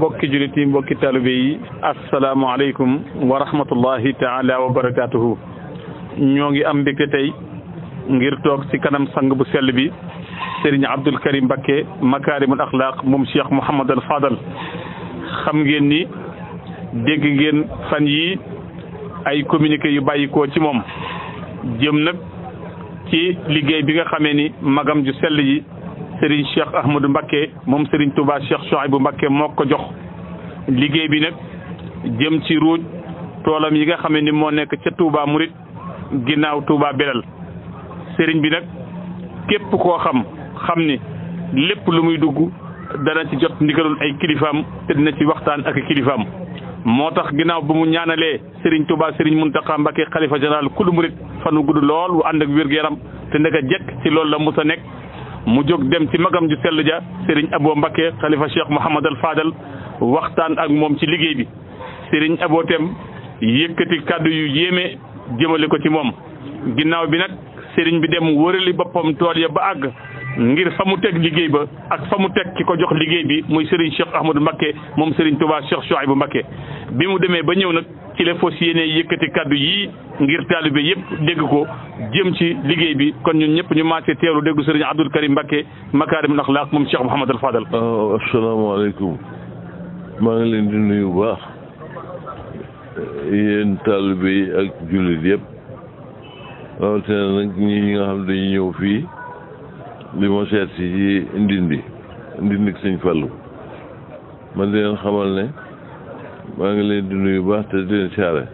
mbokki jullit yi mbokki talibé yi asalaamualeykum wa rahmatullahi taala wa barakaatuhu ñoo ngi am mbégte tey ngir toog ci kanam sang bu sell bi Serigne Abdou Karim Mbacké makaarimul axlaaq moom Cheikh Mouhamad al Fadal xam ngeen ni dégg ngeen fan yii ay communiqué yu bàyyikoo ci moom jëm nag ci liggéey bi nga xamee ni magam ju sell yi Serigne Cheikh Ahmadou Mbacké moom Serigne Touba Cheikh bu mbakkee moo ko jox liggéey bi nag jëm ci ruuj toolam yi nga xame ni moo nekk ca Touba Mouride ginnaaw Touba Belal Serigne bi nag képp koo xam xam ni lépp lu muy dugg dana ci jot ndigalul ay kilifaam te dina ci waxtaan ak kilifaam moo tax ginnaaw bi mu ñaanalee Serigne Touba Serigne Mountakha Mbacké xalifa général kulu murit fanu gudd lool wu ànd ak wér-gu-yaram te ndaka jekk ci loolu la musa nekk mu jóg dem ci magam ju sell ja Serigne aboo Mbakke xalifa Cheikh Mouhamad al Fadal waxtaan ak moom ci liggéey bi Serigne aboo tem yëkkati kàddu yu yéeme jëmale ko ci moom ginnaaw bi nag Serigne bi dem wërali boppam tool ya ba àgg ngir fa mu teg liggéey ba ak fa mu teg ki ko jox liggéey bi muy Serigne Cheikh Ahmadou Mbakke moom Serigne Touba Cheikh bu Mbakke bi mu demee ba ñëw nag. ci la fas yéene yëkkati kaddu yii ngir taalibe yëpp dégg ko jëm ci liggéey bi kon ñun ñëpp ñu maase teelu déggu sëriñ Abdul Karim Mbakke makaarimul axlaaq moom Cheikh Mouhamadul Fadal. waaw oh, asalaamaaleykum maa ngi leen di nuyu bu baax yéen taalibe ak jullit yëpp rawatina nag ñi ñi nga xam dañuy ñëw fii li ma seet si ci ndindi ndindi sëñ Fallu man di leen xamal ne. maa ngi leen di nuyu baax te di leen siyaare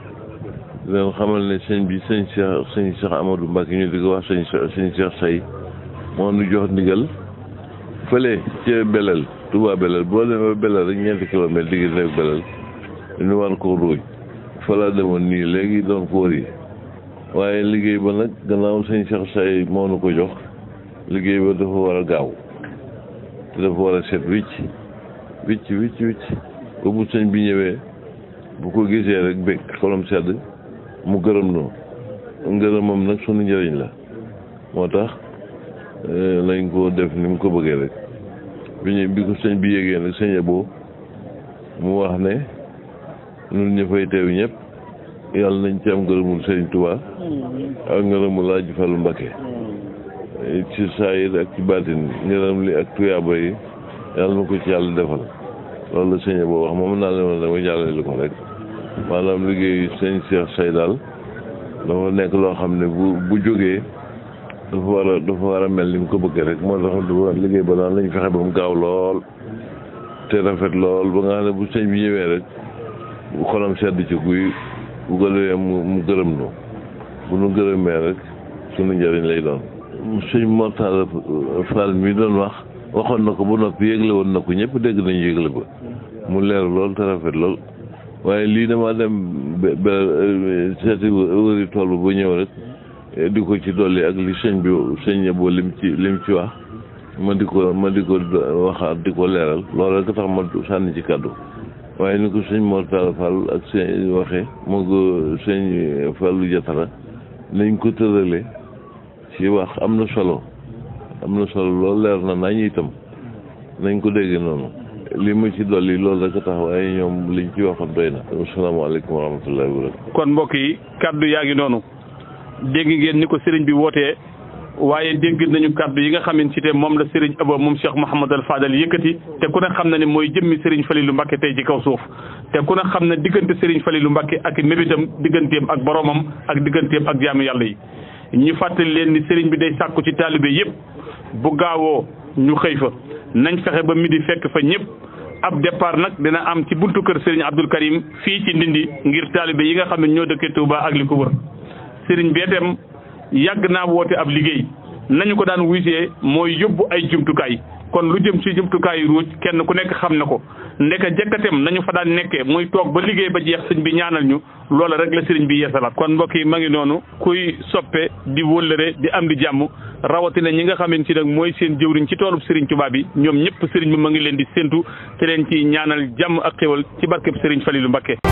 di leen xamal ne sëñ bi sëñ Cheikh sëñ Cheikh Amadou Mbacke ñu di ko wax sëñ sëñ Cheikh Say moo nu jox ndigal fële ci Belel Touba Belel boo demee Belel rek ñeenti kilomètre digg nekk Belel ñu war ko ruuj fa laa demoon nii léegi doon ko wëri waaye liggéey ba nag gannaaw sëñ Cheikh Say moo nu ko jox liggéey ba dafa war a gaaw te dafa war a set wicc wicc wicc wicc ba bu sëñ bi ñëwee bu ko gisee rek bég xolam sedd mu gërëm noo ngërëmam nag sunu njëriñ la moo tax lañ euh, ko def ni mu ko bëggee rek bi ñu bi ko sëñ bi yégee nag sëñ boo mu wax ne ñun ñu fay teew ñëpp yàlla nañ ci am ngërëmul sëñ ak ngërëmul Aji Fallu Mbakke ci saayir ak ci baatin ngërëm li ak tuyaaba yi yàlla na ko ci yàlla defal loolu la sëñ boo wax moom naa leen wax dama jàllale ko rek maanaam liggéeyu sëñ Cheikh Seye daal dafa nekk loo xam ne bu bu jógee dafa war a dafa war a mel ni mu ko bëggee rek moo tax dafa liggéey ba daan lañ fexe ba mu gaaw lool te rafet lool ba nga xam ne bu sëñ bi ñëwee rek bu xolam sedd ci guy bu gëlewee mu mu gërëm nu bu nu gërëmee rek suñu njëriñ lay doon sëñ Mortalla Fall mi doon wax waxoon na ko ba noppi yëgle woon na ko ñépp dégg nañu yëgle ba mu leer lool te rafet lool waaye lii dama dem ba seeti wëri tool ba ñëw rek di ko ci dolli ak li sëñ bi sëñ boo lim ci lim ci wax ma di ko ma di ko waxaat di ko leeral lool rek tax ma sànni ci kàddu waaye ni ko sëñ Mortala Fall ak sëñ waxee moo ko sëñ Fallu Jatara nañ ko tëralee ci wax am na solo am na solo loolu leer na nañ itam nañ ko dégg noonu li mu ci dolli loolu rek a tax waaye ñoom liñ ci waxoon doy na asalaamaaleykum wa rahmatullahi wa kon mbokk yi kaddu yaa ngi noonu dégg ngeen ni ko sëriñ bi wootee waaye dégg nañu kaddu yi nga xamante ne moom la sëriñ Abo moom Cheikh Mouhamad al Fadal yëkkati te ku ne xam na ne mooy jëmmi sëriñ lu Mbacké tey ci kaw suuf te ku ne xam ne diggante sëriñ Falilou Mbacké ak mébitam digganteem ak boromam ak digganteem ak jaamu yàlla yi ñu fàttali leen ni bi day sàkku ci taalibe yëpp bu gaawoo ñu xëy fa nañ fexe ba di fekk fa ñëpp ab départ nag dina am ci buntu kër Serigne Abdou Karim fii ci Ndindi ngir taalibe yi nga xam ne ñoo dëkkee Touba ak li ko wër Serigne bi itam yàgg naa woote ab liggéey nañu ko daan wuysee mooy yóbbu ay jumtukaay kon lu jëm ci jumtukaayu ruuj kenn ku nekk xam na ko ndeka jëkkatem nañu fa daan nekkee muy toog ba liggéey ba jeex sëñ bi ñaanal ñu loola rek la sëriñ bi yeesalaat kon mbokk yi ma ngi noonu kuy soppe di di am di jàmm rawatina ñi nga xamante nag mooy seen jëwriñ ci toolub Serigne Touba bi ñoom ñëpp Serigne bi ma ngi leen di séntu te leen ci ñaanal jàmm ak xéwal ci barkeb Serigne lu Mbacké